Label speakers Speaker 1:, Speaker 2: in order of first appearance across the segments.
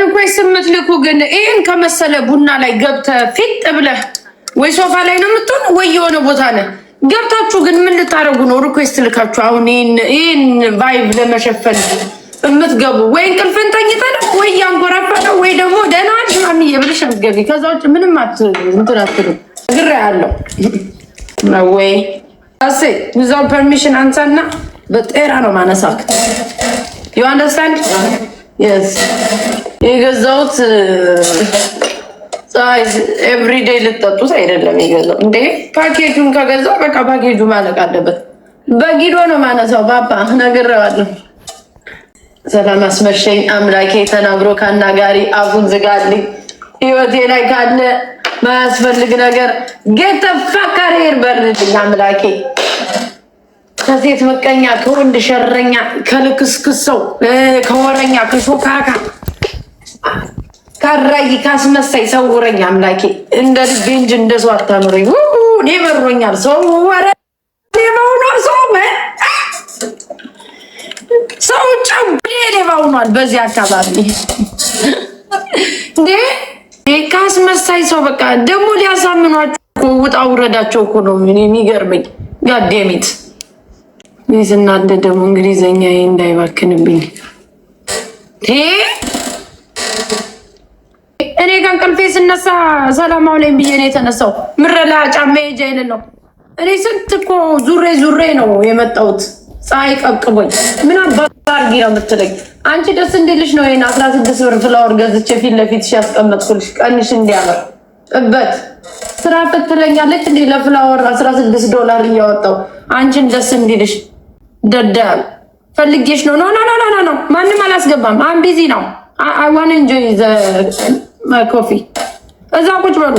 Speaker 1: ሪኩዌስት የምትልኩ ግን ይህን ከመሰለ ቡና ላይ ገብተ ፊት ብለህ ወይ ሶፋ ላይ ነው የምትሆን ወይ የሆነ ቦታ ነ ገብታችሁ ግን ምን ልታደረጉ ነው? ሪኩዌስት ልካችሁ አሁን ይህን ቫይብ ለመሸፈን የምትገቡ ወይ እንቅልፍን ተኝተን ወይ እያንኮራፈጠ ወይ ደግሞ ደህና ምናምን ብለሽ ምትገቢ ከዛ ውጭ ምንም እንትን አትልም። ግራ ያለው ወይ አሴ ዊዛውት ፐርሚሽን አንሳና በጤራ ነው ማነሳክ ዩ አንደርስታንድ የገዛሁት ፀሐይ ኤቭሪዴይ ልጠጡት አይደለም የገዛው። እንዴ ፓኬጁን ከገዛው በቃ ፓኬጁ ማለቅ አለበት። በጊዶ ነው ማነሳው። ባባ ነግሬዋለሁ። ሰላም አስመሸኝ አምላኬ ተናግሮ ከአናጋሪ አፉን ዝጋልኝ። ህይወቴ ላይ ካለ ማያስፈልግ ነገር ጌተፋካሬር በርልልኝ አምላኬ ከሴት ምቀኛ ከወንድ ሸረኛ ከልክስክሰው ከወረኛ ከሾካካ ካራይ ካስመሳይ ሰውረኝ አምላኬ። እንደ ልቤ እንጂ እንደ ሰው አታኑረኝ። እኔ መሮኛል። ሰው ወረ ሌባውኗ ሰው ሰው ጨጉሌ ሌባውኗል። በዚህ አካባቢ እንዴ ካስመሳይ ሰው በቃ ደግሞ ሊያሳምኗቸው ውጣ ውረዳቸው እኮ ነው የሚገርመኝ ጋዴሚት ስናደ ደግሞ እንግሊዘኛ እንዳይባክንብኝ እኔ ጋር ስነሳ ሰላማው ላይ ብዬ ነው የተነሳው። ምረላ ጫማ ሄጃ ነው። እኔ ስንት እኮ ዙሬ ዙሬ ነው የመጣሁት። ፀሐይ ቀብቅቦኝ ምን አባርጊ ነው የምትለኝ አንቺ? ደስ እንዲልሽ ነው ይሄን አስራ ስድስት ብር ፍላወር ገዝቼ ፊት ለፊት ሲያስቀመጥኩልሽ ቀንሽ እንዲያምር እበት ስራ ፍትለኛለች እንዲ ለፍላወር አስራ ስድስት ዶላር እያወጣው አንቺን ደስ እንዲልሽ ደደብ ፈልጌሽ ነው። ኖ ኖ ኖ ኖ ኖ ማንም አላስገባም። አም ቢዚ ነው። አይ ዋን ኢንጆይ ዘ ኮፊ እዛ ቁጭ በሉ።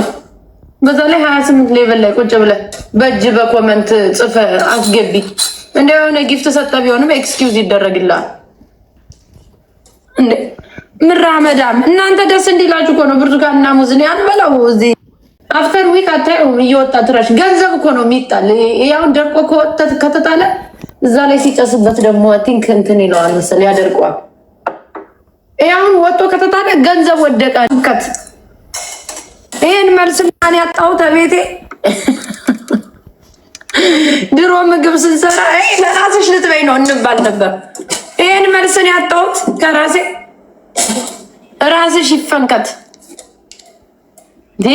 Speaker 1: በዛ ላይ 28 ሌቭል ላይ ቁጭ ብለ በእጅ በኮመንት ጽፈ አስገቢ። እንደ የሆነ ጊፍት ሰጠ ቢሆንም ኤክስኪውዝ ይደረግላል። እንደ ምራ መዳም እናንተ ደስ እንዲላችሁ እኮ ነው። ብርቱካን እና ሙዝን ያንበላው እዚህ አፍተር ዊክ አታዩ እየወጣ ትራሽ ገንዘብ እኮ ነው የሚጣል። ያው ደርቆ ከተጣለ እዛ ላይ ሲጨስበት ደግሞ ቲንክ እንትን ይለዋል መሰለኝ ያደርቀዋል። አሁን ወጥቶ ከተታለ ገንዘብ ወደቀ። ከት ይህን መልስ ማን ያጣው ተቤቴ ድሮ ምግብ ስንሰራ ለራስሽ ልትበይ ነው እንባል ነበር። ይህን መልስን ያጣሁት ከራሴ ራስሽ ይፈንከት።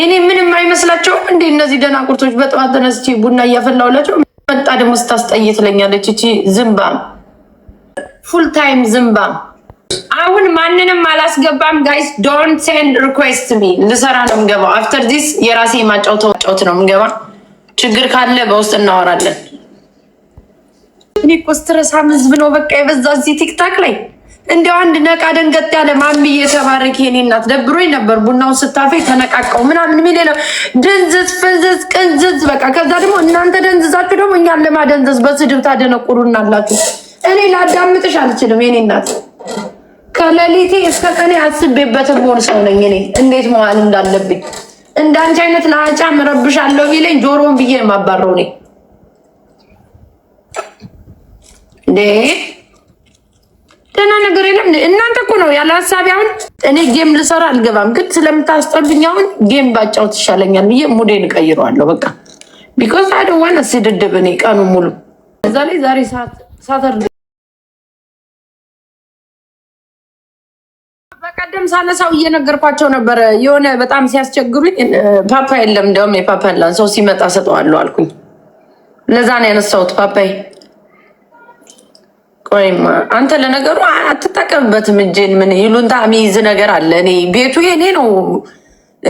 Speaker 1: እኔ ምንም አይመስላቸውም እንዴ እነዚህ ደናቁርቶች? በጠዋት ተነስቼ ቡና እያፈላሁላቸው መጣ ደግሞ ስታስጠይ ትለኛለች። እቺ ዝምባ ፉል ታይም ዝምባም። አሁን ማንንም አላስገባም ጋይስ፣ ዶን ሴንድ ሪኩዌስት ሚ። ልሰራ ነው ምገባው። አፍተር ዲስ የራሴ ማጫውተ ጫውት ነው ምገባ። ችግር ካለ በውስጥ እናወራለን። እኔ እኮ ስትረሳም ህዝብ ነው በቃ የበዛ እዚህ ቲክታክ ላይ እንዲያው አንድ ነቃ ደንገጥ ያለ ማሚ የተባረክ የኔ እናት ደብሮኝ ነበር። ቡናውን ስታፈይ ተነቃቀው ምናምን የሚል የለም። ድንዝዝ ፍንዝዝ ቅንዝዝ በቃ። ከዛ ደግሞ እናንተ ደንዝዛችሁ ደግሞ እኛን ለማደንዘዝ በስድብ ታደነቁሩና አላችሁ። እኔ ላዳምጥሽ አልችልም የኔ እናት። ከሌሊቴ እስከ ቀኔ አስቤበት ሆን ሰው ነኝ እኔ እንዴት መዋል እንዳለብኝ። እንዳንቺ አይነት ለአጫ ምረብሻለሁ ቢለኝ ጆሮን ብዬ የማባረው ነኝ እንዴ ደህና ነገር የለም። እናንተ እኮ ነው ያለ ሀሳቢ። አሁን እኔ ጌም ልሰራ አልገባም፣ ግን ስለምታስጠሉኝ አሁን ጌም ባጫውት ይሻለኛል ብዬ ሙዴን እቀይረዋለሁ። በቃ ቢኮዝ አይ ዶንት ዋንት ስድድብ እኔ ቀኑ ሙሉ እዛ ላይ ዛሬ ሳተር በቀደም ሳነሳው እየነገርኳቸው ነበረ። የሆነ በጣም ሲያስቸግሩኝ ፓፓ የለም፣ እንዲያውም የፓፓ ላን ሰው ሲመጣ ሰጠዋለሁ አልኩኝ። ለዛ ነው ያነሳሁት ፓፓይ ቆይማ አንተ ለነገሩ አትጠቀምበትም። እጅን ምን ይሉንታ ሚይዝ ነገር አለ። እኔ ቤቱ የኔ ነው።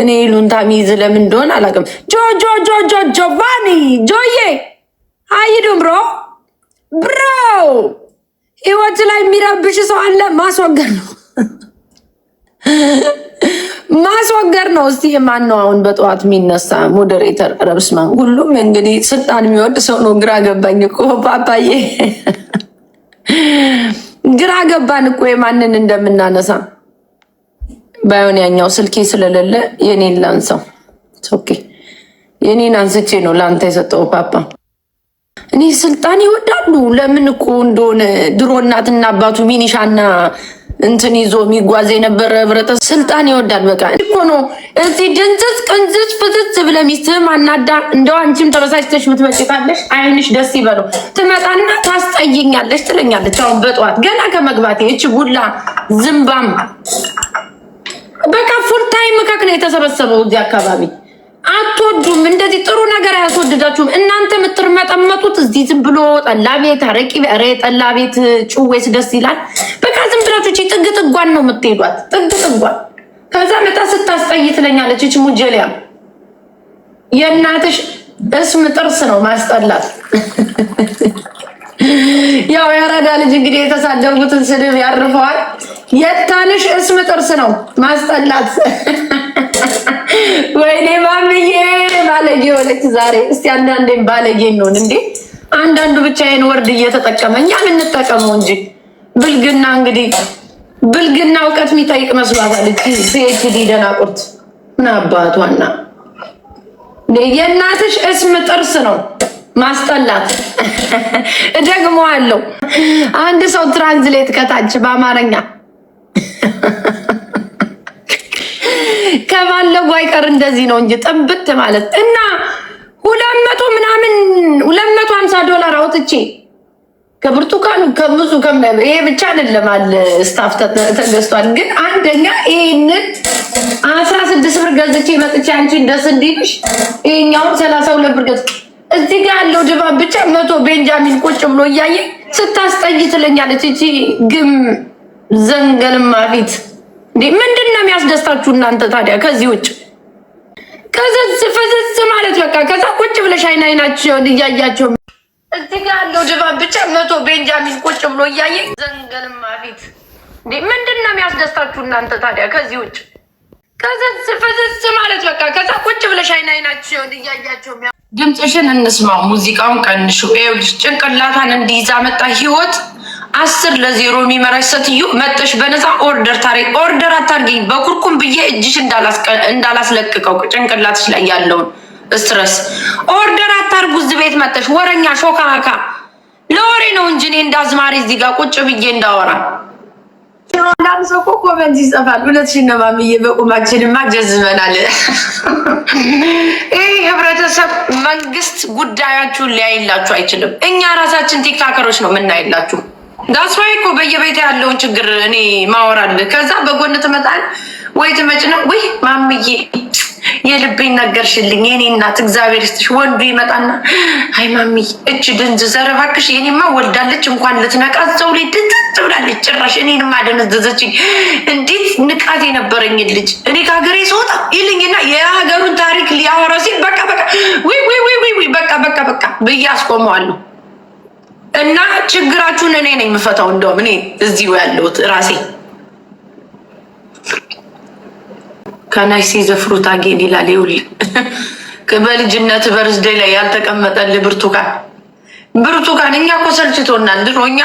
Speaker 1: እኔ ይሉንታ ሚይዝ ለምን እንደሆነ አላውቅም። ጆ ጆ ጆ ጆ ጆቫኒ ጆዬ አይዱም ብሮ ብሮ ህይወት ላይ የሚረብሽ ሰው አለ። ማስወገድ ነው ማስወገድ ነው። እስቲ የማን ነው አሁን በጠዋት የሚነሳ ሞዴሬተር? ረብስማ ሁሉም እንግዲህ ስልጣን የሚወድ ሰው ነው። ግራ ገባኝ እኮ ፓፓዬ ግራ ገባን እኮ የማንን እንደምናነሳ። ባይሆን ያኛው ስልኬ ስለሌለ የኔን ላንሳው። ኦኬ የኔን አንስቼ ነው ለአንተ የሰጠው ፓፓ እኔ ስልጣን ይወዳሉ። ለምን እኮ እንደሆነ ድሮ እናትና አባቱ ሚኒሻና እንትን ይዞ የሚጓዝ የነበረ ህብረተሰብ ስልጣን ይወዳል። በቃ እኮ ነው እዚህ ድንዝዝ ቅንዝዝ ፍዝዝ ብለ ሚስትህ ማናዳ እንደው አንቺም ተበሳጭተሽ የምትመጪ አይንሽ ደስ ይበለው። ትመጣና ታስጠይኛለሽ፣ ትለኛለች። አሁን በጠዋት ገና ከመግባቴ እች ቡላ ዝምባም በቃ ፉል ታይም ከክ ነው የተሰበሰበው እዚህ አካባቢ። አትወዱም እንደዚህ ጥሩ ነገር አያስወድዳችሁም። እዚህ ዝም ብሎ ጠላ ቤት አረቂ ኧረ ጠላ ቤት ጭዌስ ደስ ይላል። በቃ ዝም ብላችሁ ጥግ ጥጓን ነው የምትሄዷት፣ ጥግ ጥጓን። ከዛ መጣ ስታስጠይ ትለኛለች እች ሙጀሊያም የእናትሽ እስም ጥርስ ነው ማስጠላት። ያው የአራዳ ልጅ እንግዲህ የተሳደቡትን ስድብ ያርፈዋል። የታንሽ እስም ጥርስ ነው ማስጠላት። ወይኔ ማምዬ ባለጌ የሆነች ዛሬ። እስቲ አንዳንዴም ባለጌ እንሆን እንዴ! አንዳንዱ ብቻዬን ወርድ እየተጠቀመ እኛም እንጠቀመው እንጂ ብልግና እንግዲህ ብልግና እውቀት የሚጠይቅ መስሏታል። ፒኤችዲ ደናቁርት ምን አባቷና የእናትሽ እስም ጥርስ ነው ማስጠላት ደግሞ አለው። አንድ ሰው ትራንዝሌት ከታች በአማርኛ ከባለጉ አይቀር እንደዚህ ነው እንጂ ጥብት ማለት እና ሁለት መቶ ምናምን ሁለት መቶ ሀምሳ ዶላር አውጥቼ ከብርቱካኑ ከብዙ ይሄ ብቻ አይደለም አለ ስታፍ ተገዝቷል። ግን አንደኛ ይህንን አስራ ስድስት ብር ገዝቼ መጥቼ አንቺ ደስ እንዲልሽ ይሄኛውን ሰላሳ ሁለት ብር ገዝ እዚህ ጋር ያለው ድባብ ብቻ መቶ ቤንጃሚን ቁጭ ብሎ እያየ ስታስጠይ ትለኛለች። እቺ ግም ዘንገልማ ፊት እንዴ! ምንድን ነው የሚያስደስታችሁ እናንተ ታዲያ ከዚህ ውጭ ከዘዝ ፈዘዝ ማለት በቃ ከዛ ቁጭ ብለሽ አይን አይናቸውን እያያቸው እዚህ ጋ ያለው ድባብ ብቻ መቶ ቤንጃሚን ቁጭ ብሎ እያየ ዘንገልማ ፊት እንዴ! ምንድን ነው የሚያስደስታችሁ እናንተ ታዲያ? ከዚህ ውጭ ከዘዝ ፈዘዝ ማለት በቃ ከዛ ቁጭ ብለሽ አይን አይናቸውን እያያቸው ድምፅሽን እንስማው። ሙዚቃውን ቀንሹ። ይኸውልሽ ጭንቅላቷን እንዲይዛ መጣ ህይወት አስር ለዜሮ የሚመራሽ ሴትዮ መጠሽ በነፃ ኦርደር ታሪ ኦርደር አታርገኝ በኩርኩም ብዬ እጅሽ እንዳላስለቅቀው ጭንቅላትሽ ላይ ያለውን ስትረስ ኦርደር አታርጉ። እዚህ ቤት መጠሽ ወረኛ ሾካካ ለወሬ ነው እንጂ እኔ እንዳዝማሪ እዚህ ጋር ቁጭ ብዬ እንዳወራ አንዳንድ ሰው እኮ ኮመንት ይጽፋል። ሁለት ነው ማምዬ በቁማችንማ ጀዝመናል። ይህ ህብረተሰብ መንግስት ጉዳያችሁን ሊያይላችሁ አይችልም። እኛ ራሳችን ቲክታከሮች ነው የምናይላችሁ። ዳስፋይ እኮ በየቤት ያለውን ችግር እኔ ማወራል። ከዛ በጎን ትመጣል ወይ ትመጭ ነው ወይ ማምዬ የልቤን ነገርሽልኝ የኔ እናት እግዚአብሔር ይስጥሽ። ወንዱ ይመጣና አይ ማሚ እች ድንዝ ዘረባክሽ የኔማ ወልዳለች እንኳን ልትነቃት ሰው ላይ ድንዝት ብላለች። ጭራሽ እኔንማ ደነዘዘችኝ። እንዴት ንቃት የነበረኝ ልጅ እኔ ከሀገሬ ስወጣ ይልኝና የሀገሩን ታሪክ ሊያወራ ሲል በቃ በቃ ወይ ወይ ወይ ወይ በቃ በቃ በቃ ብዬ አስቆመዋለሁ። እና ችግራችሁን እኔ ነኝ የምፈታው። እንደውም እኔ እዚሁ ያለሁት ራሴ ከናይ ዘፍሩት አጌን ይላል። ይውል በልጅነት በርዝዴ ላይ ያልተቀመጠልህ ብርቱካን ብርቱካን፣ እኛ እኮ ሰልችቶናል ድሮኛ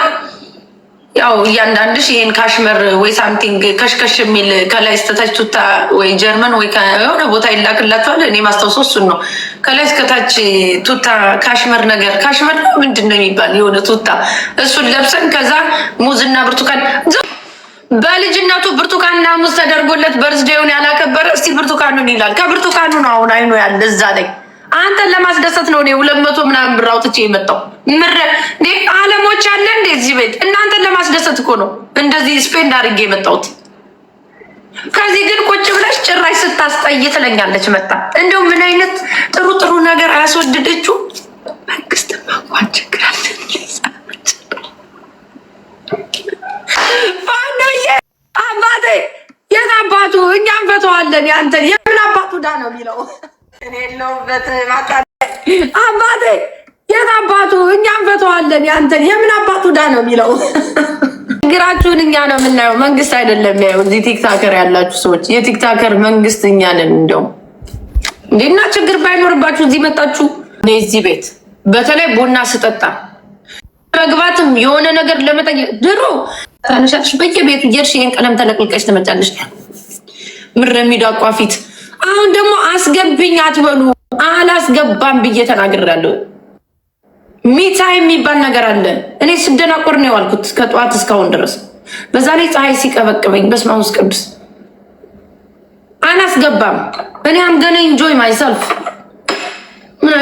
Speaker 1: ያው እያንዳንድሽ ይሄን ካሽመር ወይ ሳምቲንግ ከሽከሽ የሚል ከላይ እስከታች ቱታ ወይ ጀርመን ወይ የሆነ ቦታ ይላክላቸዋል። እኔ ማስታውሰው እሱን ነው። ከላይ እስከታች ቱታ ካሽመር ነገር ካሽመር ምንድን ነው የሚባል የሆነ ቱታ፣ እሱን ለብሰን ከዛ ሙዝና ብርቱካን በልጅነቱ ብርቱካንና ሙዝ ተደርጎለት በርዝዴውን ያላከበረ እስቲ ብርቱካኑን ይላል። ከብርቱካኑ ነው አሁን አይኖ ያለ እዛ ላይ አንተን ለማስደሰት ነው እኔ ሁለት መቶ ምናምን ብር አውጥቼ የመጣው ምረ አለሞች አለ እንደዚህ ቤት እናንተን ለማስደሰት እኮ ነው እንደዚህ ስፔንድ አድርጌ የመጣሁት። ከዚህ ግን ቁጭ ብለሽ ጭራሽ ስታስጠይ ትለኛለች። መጣ እንደው ምን አይነት ጥሩ ጥሩ ነገር አያስወድደችው መንግስት ማቋን ችግር አለ አባቴ የት አባቱ እኛ እንፈተዋለን። ያንተን የምን አባቱ ዳ ነው የሚለው እኔ የለሁበት አባቴ የት አባቱ እኛ እንፈተዋለን ያንተን የምን አባቱ ዳ ነው የሚለው ችግራችሁን እኛ ነው የምናየው መንግስት አይደለም ያው እዚህ ቲክታከር ያላችሁ ሰዎች የቲክታከር መንግስት እኛ ነን እንደውም እንዴና ችግር ባይኖርባችሁ እዚህ መጣችሁ እኔ እዚህ ቤት በተለይ ቡና ስጠጣ መግባትም የሆነ ነገር ለመጠየቅ ድሮ ተነሻሽ በየቤቱ እየሄድሽ ይህን ቀለም ተለቅልቀሽ ትመጫለሽ ምር የሚዳቋ ፊት አሁን ደግሞ አስገብኝ አትበሉ አላስገባም ብዬ ተናግሬያለሁ ሚታይ የሚባል ነገር አለ። እኔ ስደናቆር ነው የዋልኩት ከጠዋት እስካሁን ድረስ። በዛ ላይ ፀሐይ ሲቀበቅበኝ በስመ አብ ቅዱስ አላስገባም። እኔ አምገነ ኢንጆይ ማይሰልፍ።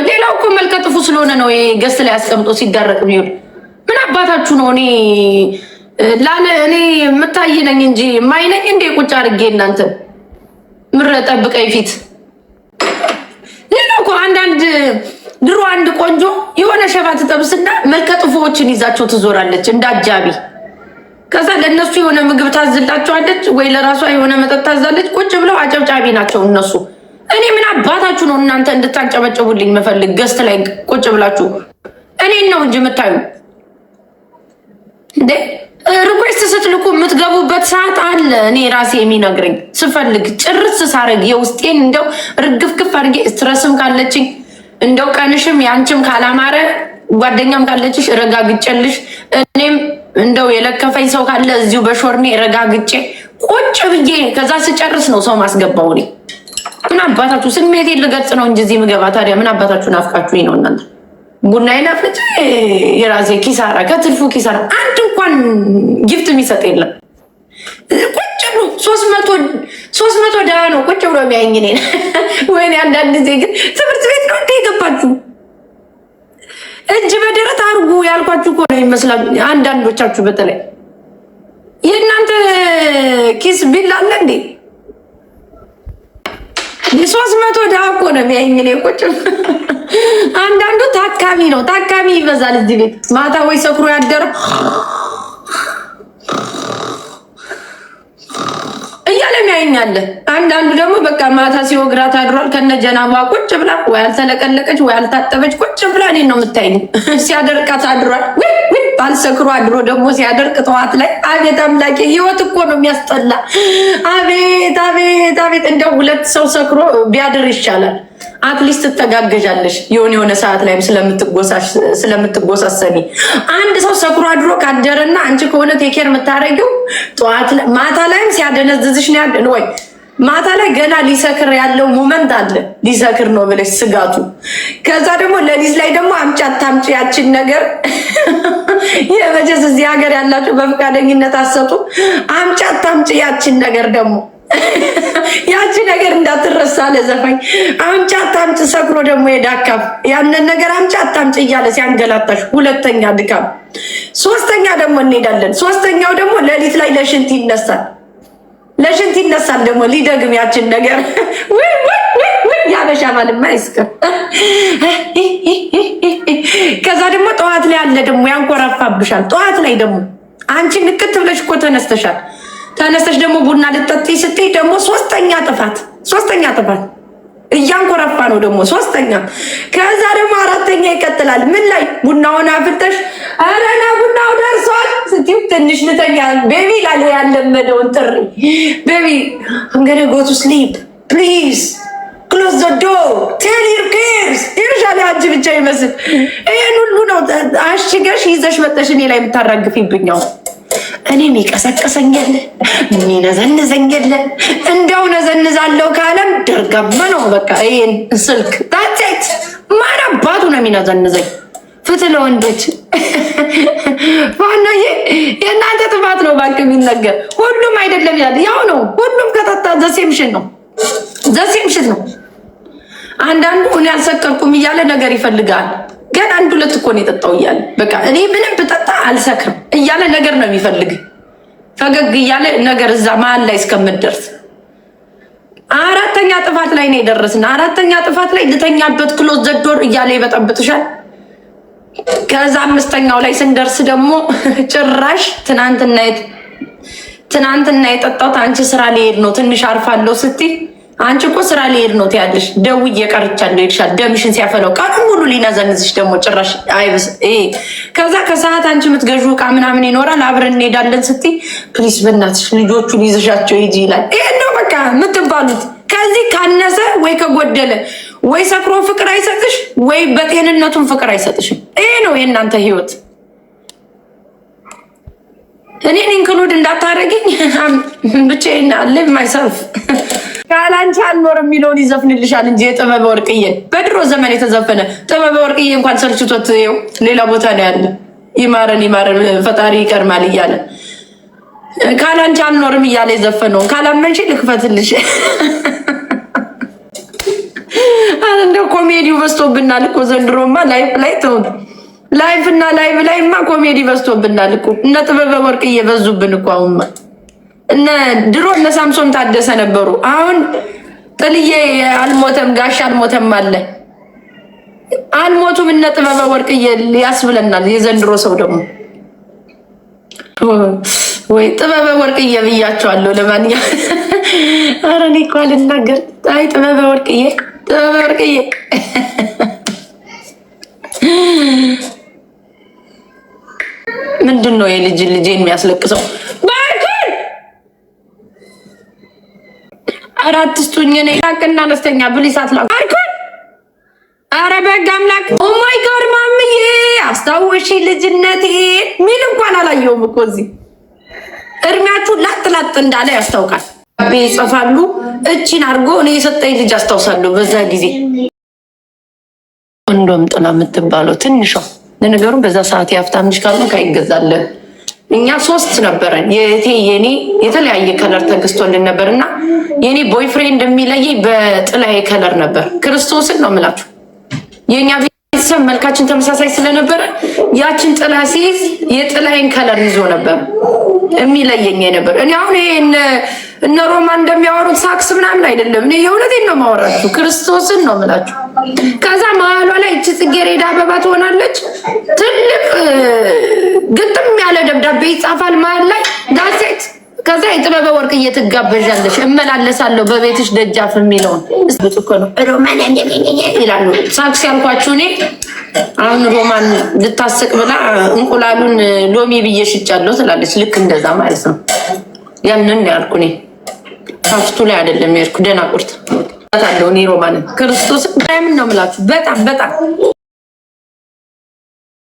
Speaker 1: ሌላው እኮ መልከጥፉ ስለሆነ ነው ገስት ላይ አስቀምጦ ሲዳረቅ ሚሆን ምን አባታችሁ ነው? እኔ ላለ እኔ የምታይ ነኝ እንጂ የማይነኝ እንደ ቁጭ አድርጌ እናንተ ምረ ጠብቀኝ ፊት ሌላው እኮ አንዳንድ ድሮ አንድ ቆንጆ የሆነ ሸባ ትጠብስና መልከጥፎዎችን ይዛቸው ትዞራለች እንደ አጃቢ። ከዛ ለእነሱ የሆነ ምግብ ታዝላቸዋለች ወይ ለራሷ የሆነ መጠጥ ታዛለች። ቁጭ ብለው አጨብጫቢ ናቸው እነሱ። እኔ ምን አባታችሁ ነው እናንተ እንድታንጨበጭቡልኝ መፈልግ? ገስት ላይ ቁጭ ብላችሁ እኔን ነው እንጂ የምታዩ እንዴ? ሪኩዌስት ስትልኩ የምትገቡበት ሰዓት አለ። እኔ ራሴ የሚነግረኝ ስፈልግ ጭርስ ሳረግ የውስጤን እንደው ርግፍግፍ አድርጌ ስትረስም ካለችኝ እንደው ቀንሽም ያንቺም ካላማረ ጓደኛም ካለችሽ ረጋግጨልሽ። እኔም እንደው የለከፈኝ ሰው ካለ እዚሁ በሾርኔ ረጋግጬ ቁጭ ብዬ ከዛ ስጨርስ ነው ሰው ማስገባው። እኔ ምን አባታችሁ ስሜቴ ልገልጽ ነው እንጂ እዚህ ምገባ። ታዲያ ምን አባታችሁ ናፍቃችሁኝ ነው እናንተ ቡና ይነፍጭ የራሴ ኪሳራ ከትልፉ ኪሳራ። አንድ እንኳን ጊፍት የሚሰጥ የለም። ቁጭ ብሎ ሶስት መቶ ሶስት መቶ ዳ ነው ቁጭ ብሎ የሚያየኝ እኔን። ወይኔ አንዳንድ ጊዜ ግን ትምህርት ቤት ነው እንደ የገባችሁ እጅ በደረት አድርጉ ያልኳችሁ እኮ ነው ይመስላል። አንዳንዶቻችሁ በተለይ የእናንተ ኪስ ቢል አለ እንዴ? የሶስት መቶ ደሃ እኮ ነው የሚያየኝ ቁጭ። አንዳንዱ ታካሚ ነው ታካሚ ይበዛል እዚህ ቤት ማታ ወይ ሰክሮ ያደረው ዘላለም ያይኛለ። አንዳንዱ ደግሞ በቃ ማታ ሲወግራ አድሯል ከነ ጀናባ ቁጭ ብላ ወይ አልተለቀለቀች ወይ አልታጠበች ቁጭ ብላ እኔን ነው የምታይኝ። ሲያደርቃት አድሯል ባልሰክሮ አድሮ ደግሞ ሲያደርቅ ጠዋት ላይ አቤት አምላኬ፣ ህይወት እኮ ነው የሚያስጠላ። አቤት አቤት አቤት፣ እንደው ሁለት ሰው ሰክሮ ቢያድር ይሻላል። አትሊስት ትተጋገዣለሽ። የሆነ የሆነ ሰዓት ላይም ስለምትጎሳሰኒ አንድ ሰው ሰክሮ አድሮ ካደረና አንቺ ከሆነ ቴኬር የምታደርጊው ጠዋት ማታ ላይም ሲያደነዝዝሽ ነው ያለ ወይ ማታ ላይ ገና ሊሰክር ያለው ሞመንት አለ። ሊሰክር ነው ብለሽ ስጋቱ። ከዛ ደግሞ ለሊዝ ላይ ደግሞ አምጪ አታምጪ ያችን ነገር የመጀስ እዚህ ሀገር ያላቸው በፈቃደኝነት አሰጡ። አምጪ አታምጪ ያችን ነገር ደግሞ ያቺ ነገር እንዳትረሳ ለዘፋኝ አምጪ አታምጪ ሰክሮ ደግሞ የዳካም ያንን ነገር አምጪ አታምጪ እያለ ሲያንገላታሽ፣ ሁለተኛ ድካም፣ ሶስተኛ ደግሞ እንሄዳለን። ሶስተኛው ደግሞ ሌሊት ላይ ለሽንት ይነሳል። ለሽንት ይነሳል ደግሞ ሊደግም ያችን ነገር ያበሻ ባልማ አይስቅም። ከዛ ደግሞ ጠዋት ላይ አለ ደግሞ ያንኮራፋብሻል። ጠዋት ላይ ደግሞ አንቺ ንቅት ብለሽ እኮ ተነስተሻል ተነስተሽ ደግሞ ቡና ልጠጥ ስትይ ደግሞ ሶስተኛ ጥፋት ሶስተኛ ጥፋት እያንኮረፋ ነው ደግሞ ሶስተኛ። ከዛ ደግሞ አራተኛ ይቀጥላል። ምን ላይ ቡናውን አፍልተሽ አረና ቡናው ደርሷል ስትይ ትንሽ ልተኛ ቤቢ ላለ ያለመደውን ጥሪ ቤቢ እንገደ ጎቱ ስሊፕ ፕሊዝ ክሎዝ ዘ ዶር ቴል ዩር ኪድስ ይልሻል። አንቺ ብቻ ይመስል ይህን ሁሉ ነው አሽገሽ ይዘሽ መጠሽ እኔ ላይ የምታራግፊብኛው እኔ የሚቀሰቅሰኝ የለ የሚነዘንዘኝ የለ። እንደው ነዘንዛለው ካለም ደርገመ ነው በቃ ይህን ስልክ ታቴት ማን አባቱ ነው የሚነዘንዘኝ? ፍትህ ለወንዶች ዋናዬ የእናንተ ጥፋት ነው። ባክ የሚነገር ሁሉም አይደለም ያለ ያው ነው። ሁሉም ከጠጣ ዘሴም ነው፣ ዘሴም ነው። አንዳንዱ እኔ አልሰከርኩም እያለ ነገር ይፈልጋል። ግን አንድ ሁለት እኮ ነው የጠጣው እያለ በቃ እኔ ምንም ብጠጣ አልሰክርም እያለ ነገር ነው የሚፈልግ ፈገግ እያለ ነገር እዛ መሀል ላይ እስከምደርስ አራተኛ ጥፋት ላይ ነው የደረስን። አራተኛ ጥፋት ላይ ልተኛበት ክሎዝ ዘዶር እያለ ይበጠብጥሻል። ከዛ አምስተኛው ላይ ስንደርስ ደግሞ ጭራሽ ትናንትና የጠጣሁት አንቺ ስራ ሊሄድ ነው ትንሽ አርፋለሁ ስትይ አንቺ እኮ ስራ ሊሄድ ነው ትያለሽ፣ ደውዬ ቀርቻለሁ ይልሻል። ደምሽን ሲያፈለው ቀኑን ሙሉ ሊነዘንዝሽ ደግሞ ጭራሽ አይብስ። ከዛ ከሰዓት አንቺ የምትገዢው እቃ ምናምን ይኖራል፣ አብረን እንሄዳለን ስትይ ፕሊስ፣ በእናትሽ ልጆቹ ይዘሻቸው ይጂ ይላል። ይሄ ነው በቃ የምትባሉት። ከዚህ ካነሰ ወይ ከጎደለ ወይ ሰክሮ ፍቅር አይሰጥሽ፣ ወይ በጤንነቱን ፍቅር አይሰጥሽም። ይሄ ነው የእናንተ ህይወት። እኔን ኢንክሉድ እንዳታደርግኝ ብቻዬን አለ ማይሰልፍ ካላንቺ አልኖር የሚለውን ይዘፍንልሻል እንጂ የጥበበ ወርቅዬ በድሮ ዘመን የተዘፈነ ጥበበ ወርቅዬ እንኳን ሰልችቶት ይኸው ሌላ ቦታ ነው ያለ። ይማረን ይማረን ፈጣሪ ይቀርማል እያለ ካላንቺ አልኖርም እያለ የዘፈነውን ካላመንሽ ልክፈትልሽ። እንደው ኮሜዲው በዝቶብናል እኮ ዘንድሮማ ላይፍ ላይ ተውን ላይፍ እና ላይቭ ላይማ ኮሜዲ በዝቶብናል እኮ እነ ጥበበ ወርቅ እየበዙብን እኮ አሁን እነ ድሮ እነ ሳምሶን ታደሰ ነበሩ። አሁን ጥልዬ አልሞተም፣ ጋሽ አልሞተም አለ አልሞቱም። እነ ጥበበ ወርቅ ያስብለናል። የዘንድሮ ሰው ደግሞ ወይ ጥበበ ወርቅዬ ብያቸዋለሁ። ለማንኛውም ኧረ እኔ እኮ አልናገር። አይ ጥበበ ወርቅዬ ጥበበ ወርቅዬ ምንድን ነው የልጅ ልጅ የሚያስለቅሰው? አራት ስቱኝ ላቅና አነስተኛ ብሊሳት ላ ባርኩን አረ በግ አምላክ ኦማይ ጋር ማምዬ አስታውሺ ልጅነቴ ሚል እንኳን አላየውም እኮ እዚህ እድሜያችሁ ላጥ ላጥ እንዳለ ያስታውቃል። ቤ ይጽፋሉ እቺን አድርጎ እኔ የሰጠኝ ልጅ አስታውሳለሁ። በዛ ጊዜ እንደም ጥላ የምትባለው ትንሿ ለነገሩም በዛ ሰዓት የሀብታም ልጅ ካልሆንክ አይገዛልህም። እኛ ሶስት ነበረን። የእቴ የኔ የተለያየ ከለር ተገዝቶልን ነበር እና የኔ ቦይፍሬንድ የሚለየኝ በጥላዬ ከለር ነበር። ክርስቶስን ነው የምላችሁ የእኛ ቤተሰብ መልካችን ተመሳሳይ ስለነበረ ያችን ጥላ ሲይዝ የጥላዬን ከለር ይዞ ነበር የሚለየኝ ነበር። እኔ አሁን ይሄ እነ ሮማ እንደሚያወሩት ሳክስ ምናምን አይደለም። እኔ የእውነቴን ነው የማወራችሁ። ክርስቶስን ነው የምላችሁ። ከዛ መሀሏ ላይ እቺ ጽጌረዳ ትሆናለች። ትልቅ ግጥም ያለ ደብዳቤ ይጻፋል መሀል ላይ ጋዜት። ከዛ የጥበበ ወርቅ እየትጋበዣለች እመላለሳለሁ በቤትሽ ደጃፍ የሚለውን ነው ሮማን ይላሉ። ሳክስ ያልኳችሁ እኔ አሁን ሮማን ልታስቅ ብላ እንቁላሉን ሎሚ ብዬ ሽጫለሁ ትላለች። ልክ እንደዛ ማለት ነው። ያንን ያልኩ እኔ ካፍቱ ላይ አይደለም የሄድኩ ደናቁርት አለው እኔ ሮማንን ክርስቶስን ምን ነው የምላችሁ በጣም በጣም